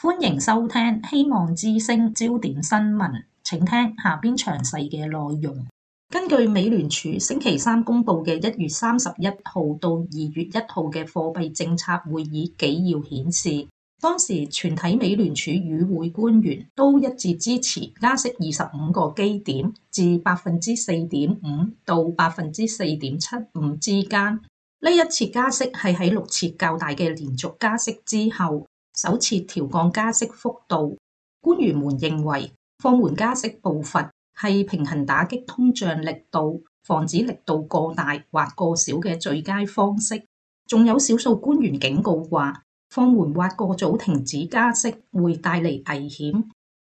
歡迎收聽《希望之聲》焦點新聞，請聽下邊詳細嘅內容。根據美聯儲星期三公布嘅一月三十一號到二月一號嘅貨幣政策會議紀要顯示，當時全體美聯儲與會官員都一致支持加息二十五個基點至百分之四點五到百分之四點七五之間。呢一次加息係喺六次較大嘅連續加息之後。首次調降加息幅度，官員們認為，放緩加息步伐係平衡打擊通脹力度、防止力度過大或過小嘅最佳方式。仲有少數官員警告話，放緩或過早停止加息會帶嚟危險。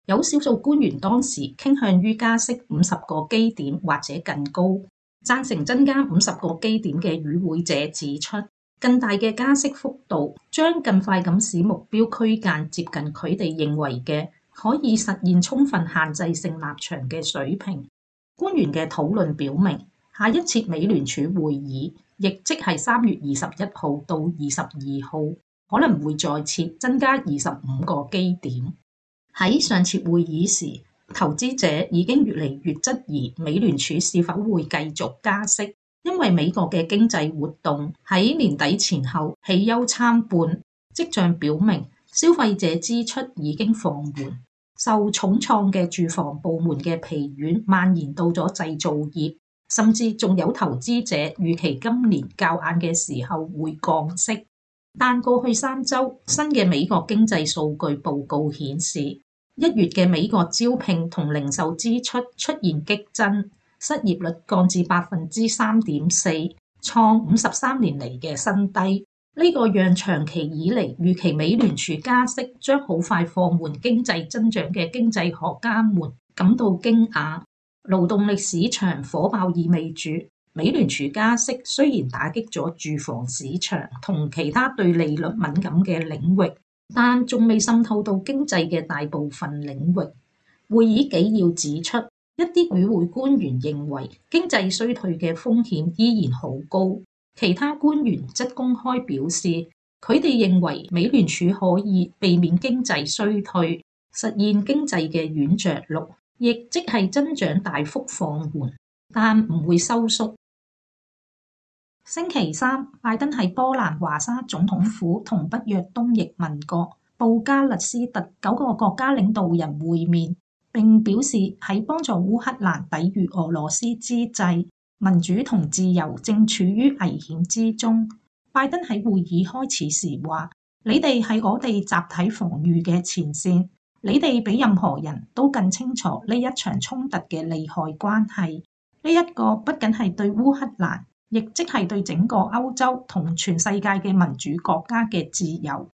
有少數官員當時傾向於加息五十個基點或者更高，贊成增加五十個基點嘅與會者指出，更大嘅加息幅度，將更快咁使目標區間接近佢哋認為嘅可以實現充分限制性立場嘅水平。官員嘅討論表明，下一次美聯儲會議亦即係三月二十一號到二十二號可能會再次增加二十五個基點。喺上次會議時投資者已經越嚟越質疑美聯儲是否會繼續加息。因為美國嘅經濟活動喺年底前後喜憂參半，跡象表明消費者支出已經放緩，受重創嘅住房部門嘅疲軟蔓延到咗製造業，甚至仲有投資者預期今年較晏嘅時候會降息。但過去三周，新嘅美國經濟數據報告顯示，一月嘅美國招聘同零售支出出現激增。失業率降至百分之三點四，創五十三年嚟嘅新低。呢個讓長期以嚟預期美聯儲加息將好快放緩經濟增長嘅經濟學家們感到驚訝。勞動力市場火爆意味住，美聯儲加息雖然打擊咗住房市場同其他對利率敏感嘅領域，但仲未滲透到經濟嘅大部分領域。會議紀要指出。一啲與會官員認為經濟衰退嘅風險依然好高，其他官員則公開表示，佢哋認為美聯儲可以避免經濟衰退，實現經濟嘅軟著陸，亦即係增長大幅放緩，但唔會收縮。星期三，拜登喺波蘭華沙總統府同北約東翼民國、布加勒斯特九個國家領導人會面。並表示喺幫助烏克蘭抵禦俄羅斯之際，民主同自由正處於危險之中。拜登喺會議開始時話：「你哋係我哋集體防禦嘅前線，你哋比任何人都更清楚呢一場衝突嘅利害關係。呢、這、一個不僅係對烏克蘭，亦即係對整個歐洲同全世界嘅民主國家嘅自由。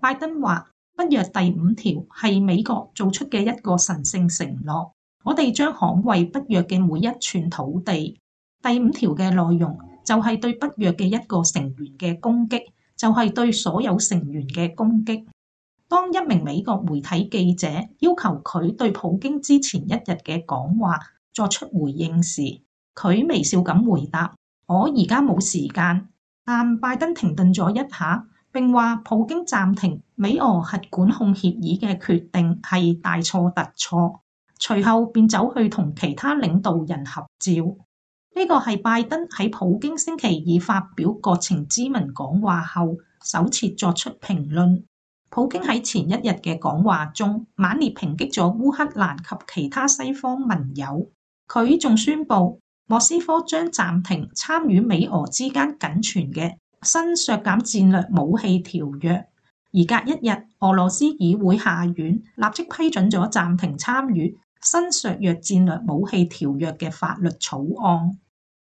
拜登話。北約第五條係美國做出嘅一個神聖承諾，我哋將捍衛北約嘅每一寸土地。第五條嘅內容就係對北約嘅一個成員嘅攻擊，就係對所有成員嘅攻擊。當一名美國媒體記者要求佢對普京之前一日嘅講話作出回應時，佢微笑咁回答：我而家冇時間。但拜登停頓咗一下。並話普京暫停美俄核管控協議嘅決定係大錯特錯。隨後便走去同其他領導人合照。呢個係拜登喺普京星期二發表國情咨文講話後首次作出評論。普京喺前一日嘅講話中猛烈抨擊咗烏克蘭及其他西方盟友。佢仲宣布莫斯科將暫停參與美俄之間僅存嘅新削減戰略武器條約，而隔一日，俄羅斯議會下院立即批准咗暫停參與新削減戰略武器條約嘅法律草案。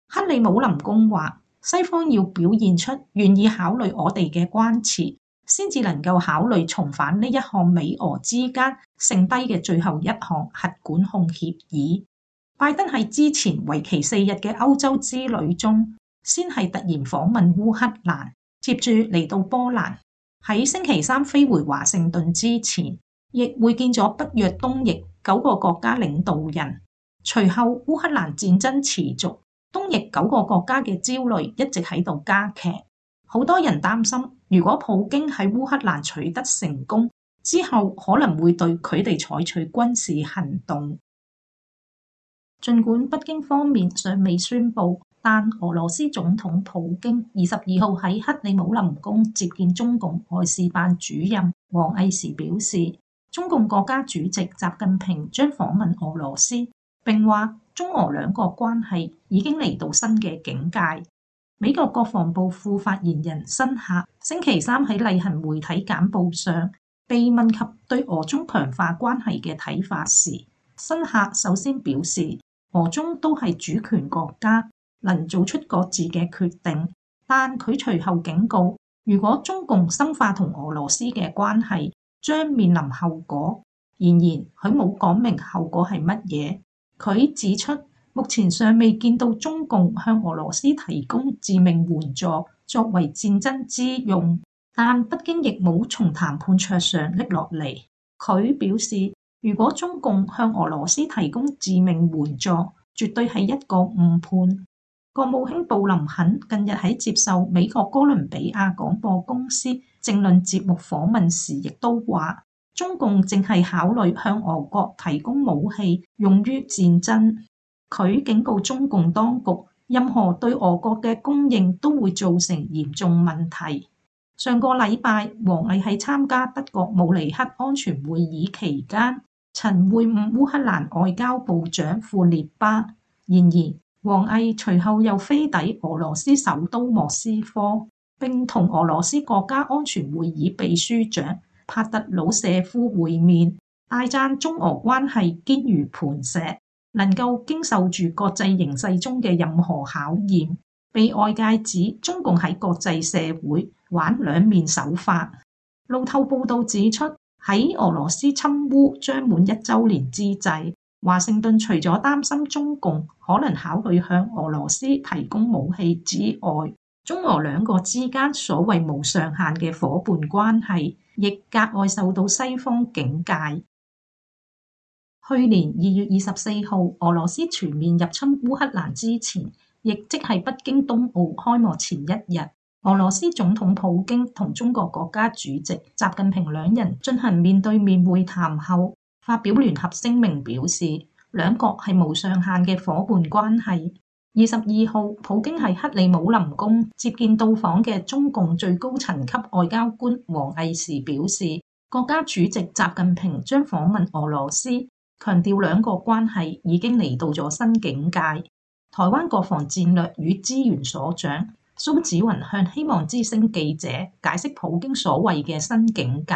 克里姆林宮話：西方要表現出願意考慮我哋嘅關切，先至能夠考慮重返呢一項美俄之間剩低嘅最後一項核管控協議。拜登喺之前為期四日嘅歐洲之旅中。先係突然訪問烏克蘭，接住嚟到波蘭，喺星期三飛回華盛頓之前，亦會見咗北約東翼九個國家領導人。隨後，烏克蘭戰爭持續，東翼九個國家嘅焦慮一直喺度加劇。好多人擔心，如果普京喺烏克蘭取得成功之後，可能會對佢哋採取軍事行動。儘管北京方面尚未宣布。但俄羅斯總統普京二十二號喺克里姆林宮接見中共外事辦主任王毅時表示，中共國家主席習近平將訪問俄羅斯。並話中俄兩國關係已經嚟到新嘅境界。美國國防部副發言人辛客星期三喺例行媒體簡報上被問及對俄中強化關係嘅睇法時，辛客首先表示，俄中都係主權國家。能做出各自嘅決定，但佢隨後警告，如果中共深化同俄羅斯嘅關係，將面臨後果。然而，佢冇講明後果係乜嘢。佢指出，目前尚未見到中共向俄羅斯提供致命援助作為戰爭之用，但北京亦冇從談判桌上拎落嚟。佢表示，如果中共向俄羅斯提供致命援助，絕對係一個誤判。國務卿布林肯近日喺接受美國哥倫比亞廣播公司政論節目訪問時，亦都話中共正係考慮向俄國提供武器用於戰爭。佢警告中共當局，任何對俄國嘅供應都會造成嚴重問題。上個禮拜，王毅喺參加德國慕尼黑安全會議期間，曾會晤烏克蘭外交部長庫列巴。然而，王毅隨後又飛抵俄羅斯首都莫斯科，並同俄羅斯國家安全會議秘書長帕特魯舍夫會面，大贊中俄關係堅如磐石，能夠經受住國際形勢中嘅任何考驗。被外界指中共喺國際社會玩兩面手法。路透報道指出，喺俄羅斯侵烏將滿一周年之際。華盛頓除咗擔心中共可能考慮向俄羅斯提供武器之外，中俄兩國之間所謂無上限嘅夥伴關係，亦格外受到西方警戒。去年二月二十四號，俄羅斯全面入侵烏克蘭之前，亦即係北京冬奧開幕前一日，俄羅斯總統普京同中國國家主席習近平兩人進行面對面會談後。發表聯合聲明表示，兩國係無上限嘅伙伴關係。二十二號，普京喺克里姆林宮接見到訪嘅中共最高層級外交官王毅時表示，國家主席習近平將訪問俄羅斯，強調兩國關係已經嚟到咗新境界。台灣國防戰略與資源所長蘇子雲向希望之聲記者解釋，普京所謂嘅新境界。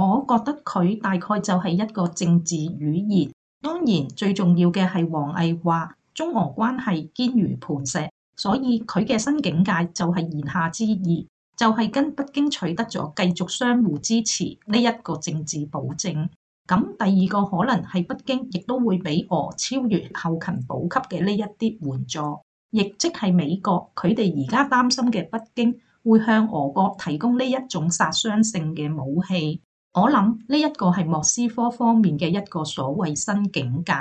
我覺得佢大概就係一個政治語言。當然，最重要嘅係王毅話中俄關係堅如磐石，所以佢嘅新境界就係言下之意，就係、是、跟北京取得咗繼續相互支持呢一個政治保證。咁第二個可能係北京亦都會俾俄超越後勤補給嘅呢一啲援助，亦即係美國佢哋而家擔心嘅北京會向俄國提供呢一種殺傷性嘅武器。我諗呢一個係莫斯科方面嘅一個所謂新境界。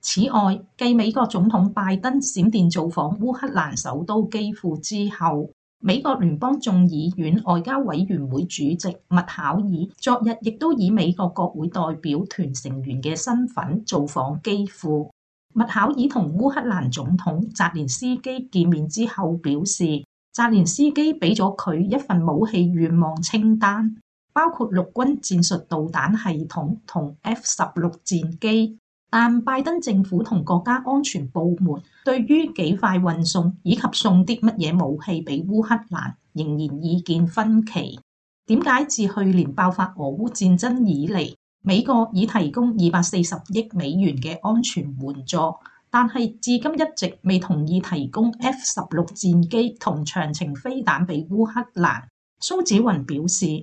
此外，繼美國總統拜登閃電造訪烏克蘭首都基輔之後，美國聯邦眾議院外交委員會主席麥考爾昨日亦都以美國國會代表團成員嘅身份造訪基輔。麥考爾同烏克蘭總統澤連斯基見面之後，表示澤連斯基畀咗佢一份武器願望清單。包括陸軍戰術導彈系統同 F 十六戰機，但拜登政府同國家安全部門對於幾快運送以及送啲乜嘢武器俾烏克蘭，仍然意見分歧。點解自去年爆發俄烏戰爭以嚟，美國已提供二百四十億美元嘅安全援助，但係至今一直未同意提供 F 十六戰機同長程飛彈俾烏克蘭？蘇紫雲表示。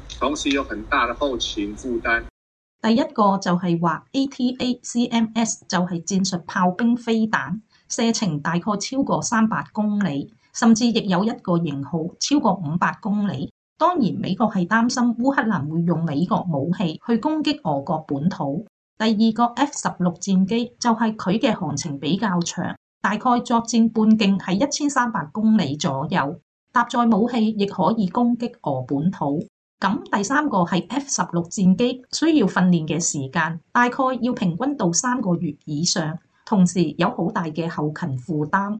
同時有很大的後勤負擔。第一個就係話，A T A C M S 就係戰術炮兵飛彈，射程大概超過三百公里，甚至亦有一個型號超過五百公里。當然，美國係擔心烏克蘭會用美國武器去攻擊俄國本土。第二個 F 十六戰機就係佢嘅航程比較長，大概作戰半徑係一千三百公里左右，搭載武器亦可以攻擊俄本土。咁第三個係 F 十六戰機需要訓練嘅時間，大概要平均到三個月以上，同時有好大嘅後勤負擔。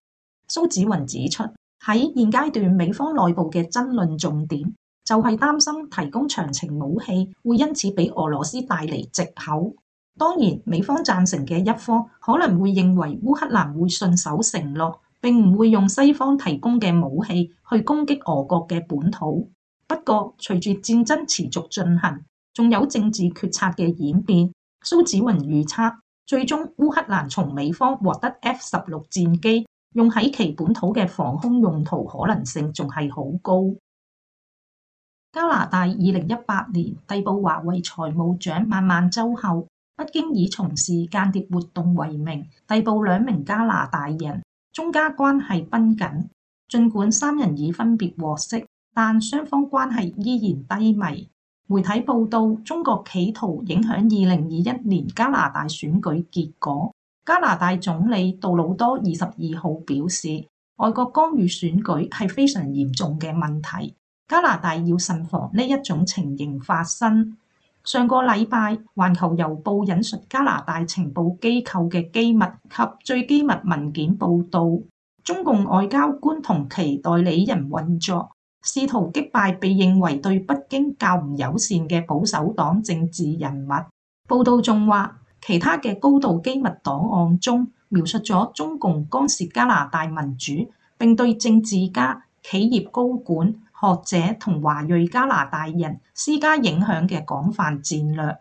蘇紫雲指出，喺現階段美方內部嘅爭論重點就係、是、擔心提供長程武器會因此俾俄羅斯帶嚟藉口。當然，美方贊成嘅一方可能會認為烏克蘭會信守承諾，並唔會用西方提供嘅武器去攻擊俄國嘅本土。不過，隨住戰爭持續進行，仲有政治決策嘅演變，蘇紫雲預測，最終烏克蘭從美方獲得 F 十六戰機，用喺其本土嘅防空用途可能性仲係好高。加拿大二零一八年逮捕華為財務長孟晚舟後，北京以從事間諜活動為名逮捕兩名加拿大人，中加關係繃緊。儘管三人已分別獲釋。但雙方關係依然低迷。媒體報道，中國企圖影響二零二一年加拿大選舉結果。加拿大總理杜魯多二十二號表示，外國干預選舉係非常嚴重嘅問題。加拿大要慎防呢一種情形發生。上個禮拜，環球郵報引述加拿大情報機構嘅機密及最機密文件報道，中共外交官同其代理人運作。試圖擊敗被認為對北京較唔友善嘅保守黨政治人物。報道仲話，其他嘅高度機密檔案中描述咗中共干涉加拿大民主，並對政治家、企業高管、學者同華裔加拿大人施加影響嘅廣泛戰略。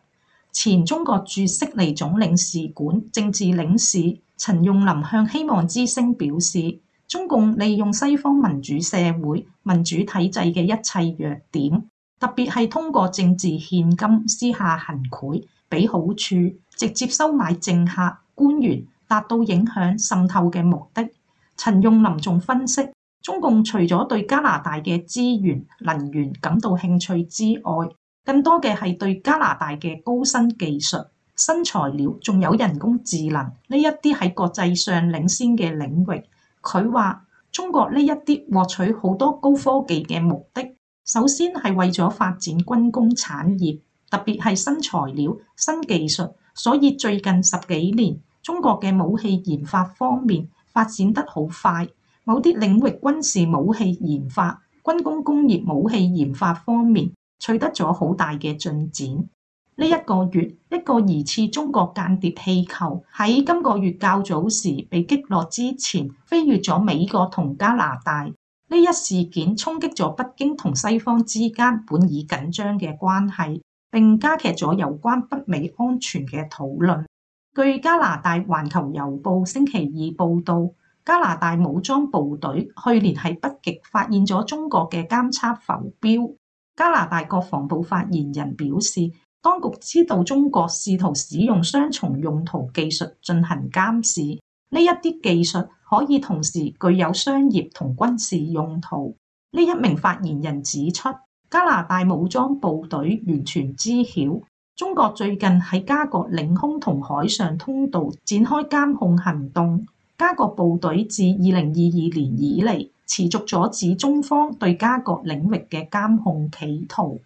前中國駐悉尼總領事館政治領事陳用林向希望之聲表示。中共利用西方民主社會民主體制嘅一切弱點，特別係通過政治獻金、私下行賄俾好處，直接收買政客、官員，達到影響滲透嘅目的。陳用林仲分析，中共除咗對加拿大嘅資源能源感到興趣之外，更多嘅係對加拿大嘅高新技術新材料，仲有人工智能呢一啲喺國際上領先嘅領域。佢話：中國呢一啲獲取好多高科技嘅目的，首先係為咗發展軍工產業，特別係新材料、新技術。所以最近十幾年，中國嘅武器研發方面發展得好快，某啲領域軍事武器研發、軍工工業武器研發方面取得咗好大嘅進展。呢一個月，一個疑似中國間諜氣球喺今個月較早時被擊落之前，飛越咗美國同加拿大。呢一事件衝擊咗北京同西方之間本已緊張嘅關係，並加劇咗有關北美安全嘅討論。據加拿大《環球郵報》星期二報道，加拿大武裝部隊去年喺北極發現咗中國嘅監測浮標。加拿大國防部發言人表示：當局知道中國試圖使用雙重用途技術進行監視，呢一啲技術可以同時具有商業同軍事用途。呢一名發言人指出，加拿大武裝部隊完全知曉中國最近喺加國領空同海上通道展開監控行動。加國部隊自二零二二年以嚟，持續阻止中方對加國領域嘅監控企圖。